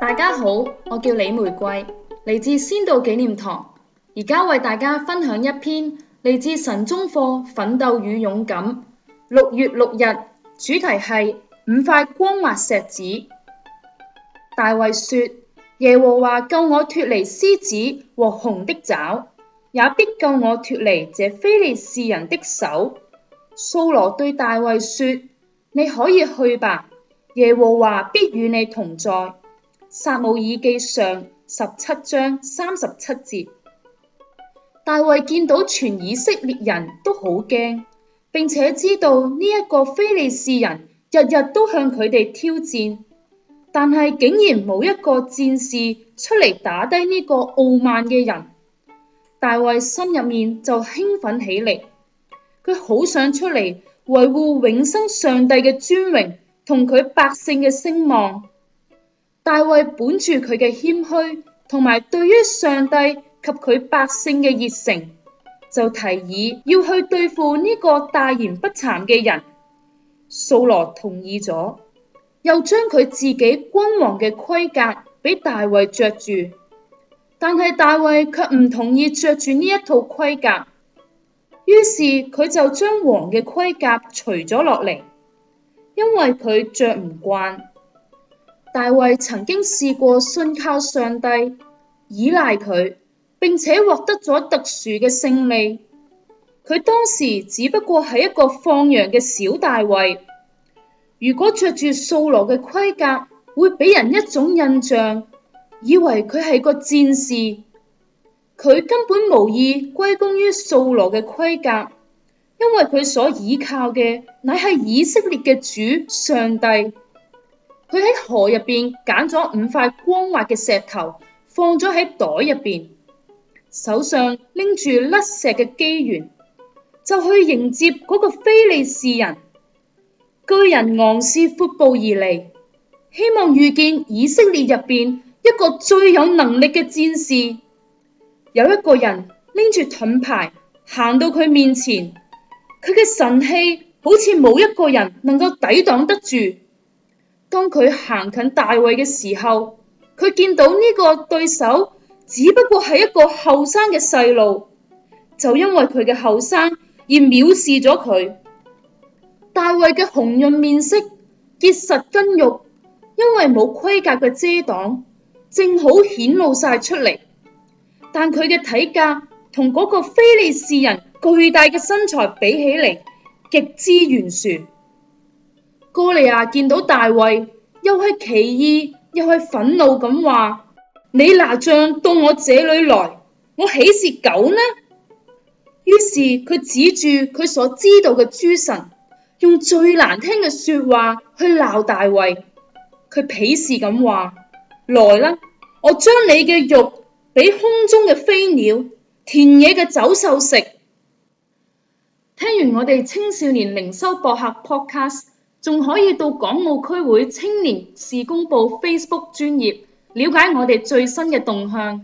大家好，我叫李玫瑰，嚟自先道紀念堂，而家為大家分享一篇嚟自神中課《奮鬥與勇敢》，六月六日，主題係五塊光滑石子。大衛說：耶和華救我脫離獅子和熊的爪。也必救我脫離這非利士人的手。掃羅對大衛說：你可以去吧，耶和華必與你同在。撒母耳記上十七章三十七節。大衛見到全以色列人都好驚，並且知道呢一個非利士人日日都向佢哋挑戰，但係竟然冇一個戰士出嚟打低呢個傲慢嘅人。大衛心入面就興奮起嚟，佢好想出嚟維護永生上帝嘅尊榮同佢百姓嘅聲望。大衛本住佢嘅謙虛同埋對於上帝及佢百姓嘅熱誠，就提議要去對付呢個大言不慚嘅人。掃羅同意咗，又將佢自己君王嘅盔甲俾大衛着住。但係大衛卻唔同意着住呢一套盔甲，於是佢就將王嘅盔甲除咗落嚟，因為佢着唔慣。大衛曾經試過信靠上帝，依賴佢，並且獲得咗特殊嘅勝利。佢當時只不過係一個放羊嘅小大衛，如果着住掃羅嘅盔甲，會畀人一種印象，以為佢係個戰士，佢根本無意歸功於掃羅嘅盔甲，因為佢所倚靠嘅乃係以色列嘅主上帝。佢喺河入邊揀咗五塊光滑嘅石頭，放咗喺袋入邊，手上拎住甩石嘅機弦，就去迎接嗰個非利士人巨人，昂視闊步而嚟，希望遇見以色列入邊一個最有能力嘅戰士，有一個人拎住盾牌行到佢面前，佢嘅神氣好似冇一個人能夠抵擋得住。當佢行近大衛嘅時候，佢見到呢個對手只不過係一個後生嘅細路，就因為佢嘅後生而藐視咗佢。大衛嘅紅潤面色結實筋肉，因為冇盔甲嘅遮擋。正好顯露晒出嚟，但佢嘅體格同嗰個非利士人巨大嘅身材比起嚟，極之懸殊。哥利亞見到大衛，又係奇異，又係憤怒咁話，你拿杖到我這裏來，我豈是狗呢？於是佢指住佢所知道嘅諸神，用最難聽嘅說話去鬧大衛。佢鄙視咁話。來啦！我將你嘅肉俾空中嘅飛鳥、田野嘅走獸食。聽完我哋青少年靈修博客 Podcast，仲可以到港澳區會青年事工部 Facebook 專頁，了解我哋最新嘅動向。